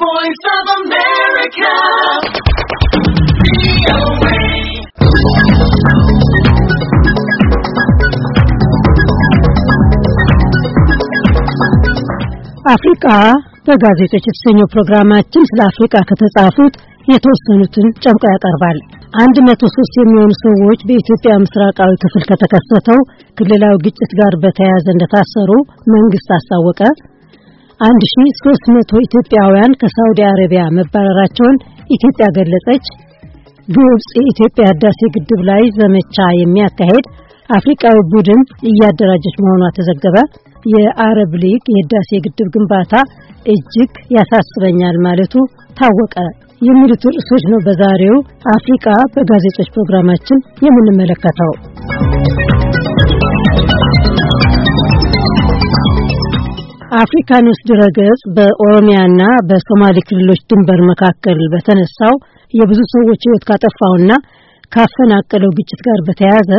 voice of America. አፍሪካ በጋዜጦች የተሰኘው ፕሮግራማችን ስለ አፍሪካ ከተጻፉት የተወሰኑትን ጨምቆ ያቀርባል። አንድ መቶ ሶስት የሚሆኑ ሰዎች በኢትዮጵያ ምስራቃዊ ክፍል ከተከሰተው ክልላዊ ግጭት ጋር በተያያዘ እንደታሰሩ መንግስት አስታወቀ። አንድ 3መቶ ኢትዮጵያውያን ከሳውዲ አረቢያ መባረራቸውን ኢትዮጵያ ገለጸች። ግብጽ የኢትዮጵያ ህዳሴ ግድብ ላይ ዘመቻ የሚያካሄድ አፍሪካዊ ቡድን እያደራጀች መሆኗ ተዘገበ። የአረብ ሊግ የህዳሴ ግድብ ግንባታ እጅግ ያሳስበኛል ማለቱ ታወቀ። የሚሉት ርዕሶች ነው በዛሬው አፍሪካ በጋዜጦች ፕሮግራማችን የምንመለከተው። አፍሪካ ኒውስ ድረገጽ በኦሮሚያና በሶማሌ ክልሎች ድንበር መካከል በተነሳው የብዙ ሰዎች ሕይወት ካጠፋውና ካፈናቀለው ግጭት ጋር በተያያዘ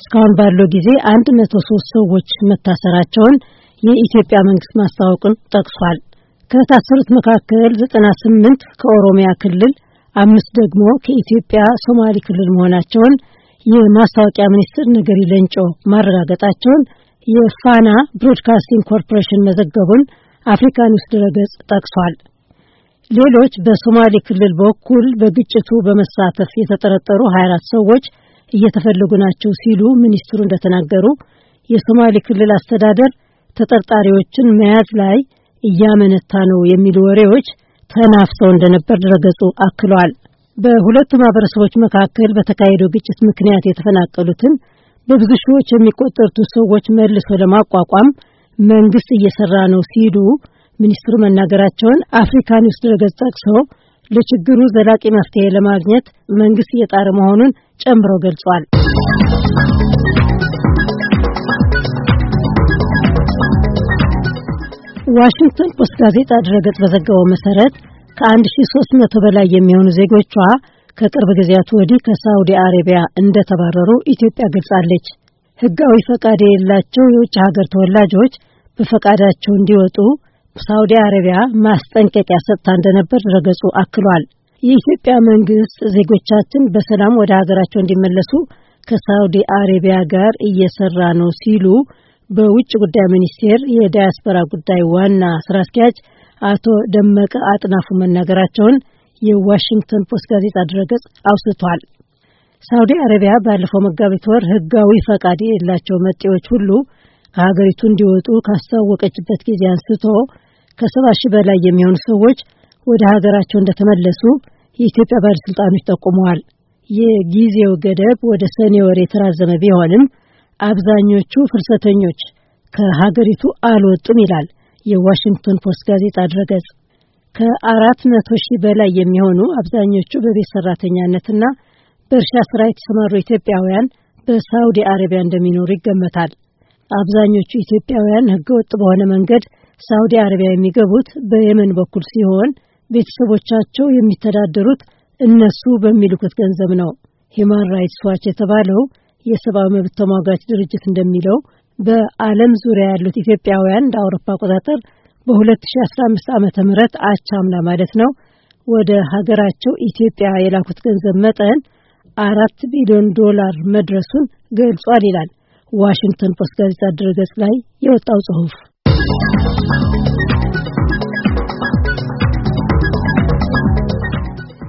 እስካሁን ባለው ጊዜ 103 ሰዎች መታሰራቸውን የኢትዮጵያ መንግስት ማስታወቁን ጠቅሷል። ከታሰሩት መካከል 98 ከኦሮሚያ ክልል፣ አምስት ደግሞ ከኢትዮጵያ ሶማሌ ክልል መሆናቸውን የማስታወቂያ ሚኒስትር ነገሪ ለንጮ ማረጋገጣቸውን የፋና ብሮድካስቲንግ ኮርፖሬሽን መዘገቡን አፍሪካ ኒውስ ድረገጽ ጠቅሷል። ሌሎች በሶማሌ ክልል በኩል በግጭቱ በመሳተፍ የተጠረጠሩ 24 ሰዎች እየተፈለጉ ናቸው ሲሉ ሚኒስትሩ እንደተናገሩ የሶማሌ ክልል አስተዳደር ተጠርጣሪዎችን መያዝ ላይ እያመነታ ነው የሚሉ ወሬዎች ተናፍሰው እንደነበር ድረገጹ አክሏል። በሁለቱ ማህበረሰቦች መካከል በተካሄደው ግጭት ምክንያት የተፈናቀሉትን በብዙ ሺዎች የሚቆጠሩትን ሰዎች መልሶ ለማቋቋም መንግስት እየሰራ ነው ሲሉ ሚኒስትሩ መናገራቸውን አፍሪካ ኒውስ ድረገጽ ጠቅሶ ለችግሩ ዘላቂ መፍትሄ ለማግኘት መንግስት እየጣረ መሆኑን ጨምሮ ገልጿል። ዋሽንግተን ፖስት ጋዜጣ ድረገጽ በዘገበው መሰረት ከ1300 በላይ የሚሆኑ ዜጎቿ ከቅርብ ጊዜያት ወዲህ ከሳውዲ አረቢያ እንደተባረሩ ኢትዮጵያ ገልጻለች። ህጋዊ ፈቃድ የሌላቸው የውጭ ሀገር ተወላጆች በፈቃዳቸው እንዲወጡ ሳውዲ አረቢያ ማስጠንቀቂያ ሰጥታ እንደነበር ድረገጹ አክሏል። የኢትዮጵያ መንግስት ዜጎቻችን በሰላም ወደ ሀገራቸው እንዲመለሱ ከሳውዲ አረቢያ ጋር እየሰራ ነው ሲሉ በውጭ ጉዳይ ሚኒስቴር የዳያስፖራ ጉዳይ ዋና ስራ አስኪያጅ አቶ ደመቀ አጥናፉ መናገራቸውን የዋሽንግተን ፖስት ጋዜጣ ድረገጽ አውስቷል። ሳውዲ አረቢያ ባለፈው መጋቢት ወር ህጋዊ ፈቃድ የሌላቸው መጤዎች ሁሉ ከሀገሪቱ እንዲወጡ ካስታወቀችበት ጊዜ አንስቶ ከሰባ ሺህ በላይ የሚሆኑ ሰዎች ወደ ሀገራቸው እንደተመለሱ የኢትዮጵያ ባለስልጣኖች ጠቁመዋል። የጊዜው ገደብ ወደ ሰኔ ወር የተራዘመ ቢሆንም አብዛኞቹ ፍልሰተኞች ከሀገሪቱ አልወጡም ይላል የዋሽንግተን ፖስት ጋዜጣ ድረገጽ። ከአራት መቶ ሺህ በላይ የሚሆኑ አብዛኞቹ በቤት ሰራተኛነትና በእርሻ ስራ የተሰማሩ ኢትዮጵያውያን በሳውዲ አረቢያ እንደሚኖሩ ይገመታል። አብዛኞቹ ኢትዮጵያውያን ህገወጥ በሆነ መንገድ ሳውዲ አረቢያ የሚገቡት በየመን በኩል ሲሆን ቤተሰቦቻቸው የሚተዳደሩት እነሱ በሚልኩት ገንዘብ ነው። ሂማን ራይትስ ዋች የተባለው የሰብአዊ መብት ተሟጋች ድርጅት እንደሚለው በዓለም ዙሪያ ያሉት ኢትዮጵያውያን እንደ አውሮፓ አቆጣጠር በ2015 ዓ ም አቻምና ማለት ነው ወደ ሀገራቸው ኢትዮጵያ የላኩት ገንዘብ መጠን አራት ቢሊዮን ዶላር መድረሱን ገልጿል ይላል ዋሽንግተን ፖስት ጋዜጣ ድረገጽ ላይ የወጣው ጽሑፍ።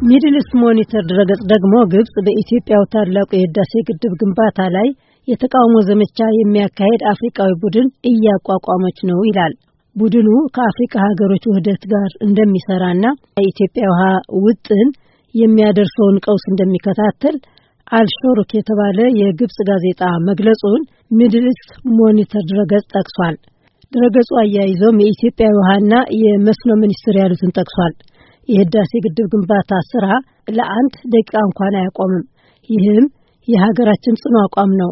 ሚድልስት ሞኒተር ድረገጽ ደግሞ ግብጽ በኢትዮጵያው ታላቁ የህዳሴ ግድብ ግንባታ ላይ የተቃውሞ ዘመቻ የሚያካሄድ አፍሪቃዊ ቡድን እያቋቋመች ነው ይላል። ቡድኑ ከአፍሪካ ሀገሮች ውህደት ጋር እንደሚሰራና የኢትዮጵያ ውሃ ውጥን የሚያደርሰውን ቀውስ እንደሚከታተል አልሾሩክ የተባለ የግብጽ ጋዜጣ መግለጹን ሚድልስ ሞኒተር ድረገጽ ጠቅሷል። ድረገጹ አያይዞም የኢትዮጵያ ውሃና የመስኖ ሚኒስትር ያሉትን ጠቅሷል። የህዳሴ ግድብ ግንባታ ስራ ለአንድ ደቂቃ እንኳን አያቆምም። ይህም የሀገራችን ጽኑ አቋም ነው።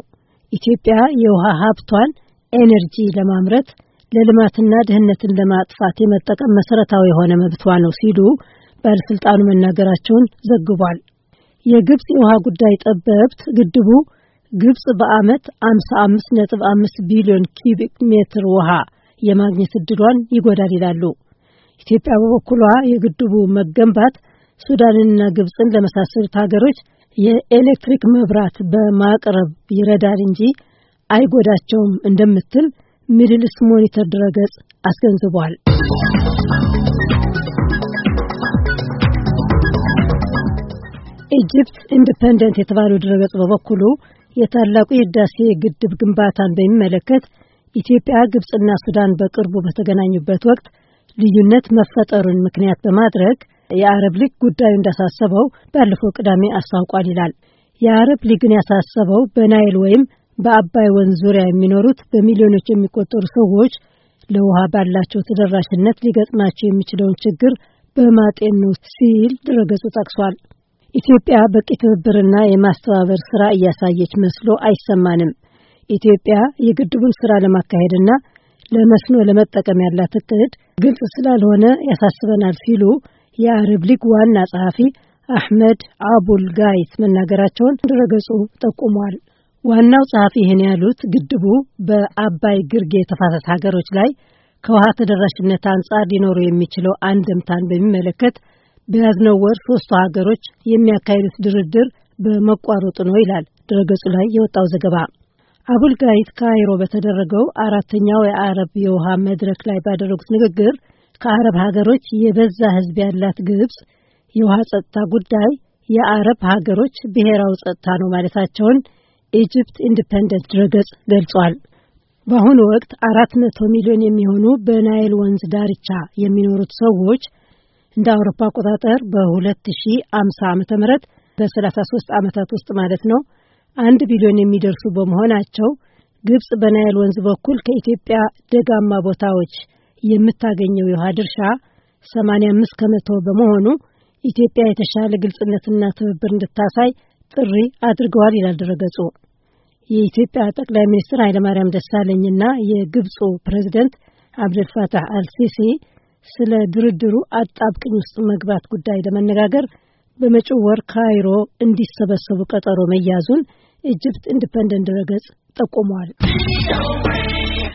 ኢትዮጵያ የውሃ ሀብቷን ኤነርጂ ለማምረት ለልማትና ድህነትን ለማጥፋት የመጠቀም መሰረታዊ የሆነ መብቷ ነው ሲሉ ባለስልጣኑ መናገራቸውን ዘግቧል። የግብፅ የውሃ ጉዳይ ጠበብት ግድቡ ግብፅ በዓመት 55.5 ቢሊዮን ኪቢክ ሜትር ውሃ የማግኘት እድሏን ይጎዳል ይላሉ። ኢትዮጵያ በበኩሏ የግድቡ መገንባት ሱዳንንና ግብፅን ለመሳሰሉት ሀገሮች የኤሌክትሪክ መብራት በማቅረብ ይረዳል እንጂ አይጎዳቸውም እንደምትል ሚድል ኢስት ሞኒተር ድረገጽ አስገንዝቧል። ኢጅፕት ኢንዲፐንደንት የተባለው ድረገጽ በበኩሉ የታላቁ የህዳሴ ግድብ ግንባታን በሚመለከት ኢትዮጵያ፣ ግብጽና ሱዳን በቅርቡ በተገናኙበት ወቅት ልዩነት መፈጠሩን ምክንያት በማድረግ የአረብ ሊግ ጉዳዩ እንዳሳሰበው ባለፈው ቅዳሜ አስታውቋል ይላል። የአረብ ሊግን ያሳሰበው በናይል ወይም በአባይ ወንዝ ዙሪያ የሚኖሩት በሚሊዮኖች የሚቆጠሩ ሰዎች ለውሃ ባላቸው ተደራሽነት ሊገጥማቸው የሚችለውን ችግር በማጤን ነው ሲል ድረገጹ ጠቅሷል። ኢትዮጵያ በቂ ትብብርና የማስተባበር ስራ እያሳየች መስሎ አይሰማንም። ኢትዮጵያ የግድቡን ስራ ለማካሄድና ለመስኖ ለመጠቀም ያላት እቅድ ግልጽ ስላልሆነ ያሳስበናል ሲሉ የአረብ ሊግ ዋና ጸሐፊ አሕመድ አቡል ጋይት መናገራቸውን ድረገጹ ጠቁሟል። ዋናው ጸሐፊ ይህን ያሉት ግድቡ በአባይ ግርጌ የተፋሰስ ሀገሮች ላይ ከውሃ ተደራሽነት አንጻር ሊኖሩ የሚችለው አንድምታን በሚመለከት በያዝነው ወር ሶስቱ ሀገሮች የሚያካሂዱት ድርድር በመቋረጡ ነው ይላል ድረገጹ ላይ የወጣው ዘገባ። አቡልጋይት ካይሮ በተደረገው አራተኛው የአረብ የውሃ መድረክ ላይ ባደረጉት ንግግር ከአረብ ሀገሮች የበዛ ሕዝብ ያላት ግብጽ የውሃ ጸጥታ ጉዳይ የአረብ ሀገሮች ብሔራዊ ጸጥታ ነው ማለታቸውን ኢጅፕት ኢንዲፐንደንት ድረገጽ ገልጿል። በአሁኑ ወቅት አራት መቶ ሚሊዮን የሚሆኑ በናይል ወንዝ ዳርቻ የሚኖሩት ሰዎች እንደ አውሮፓ አቆጣጠር በ2050 ዓ ም በ33 ዓመታት ውስጥ ማለት ነው አንድ ቢሊዮን የሚደርሱ በመሆናቸው ግብጽ በናይል ወንዝ በኩል ከኢትዮጵያ ደጋማ ቦታዎች የምታገኘው የውሃ ድርሻ 85 ከመቶ በመሆኑ ኢትዮጵያ የተሻለ ግልጽነትና ትብብር እንድታሳይ ጥሪ አድርገዋል ይላል ድረገጹ። የኢትዮጵያ ጠቅላይ ሚኒስትር ኃይለማርያም ደሳለኝና የግብፁ ፕሬዚደንት አብደልፋታህ አልሲሲ ስለ ድርድሩ አጣብቅኝ ውስጥ መግባት ጉዳይ ለመነጋገር በመጪው ወር ካይሮ እንዲሰበሰቡ ቀጠሮ መያዙን ኢጅፕት ኢንዲፐንደንት ድረገጽ ጠቁሟል።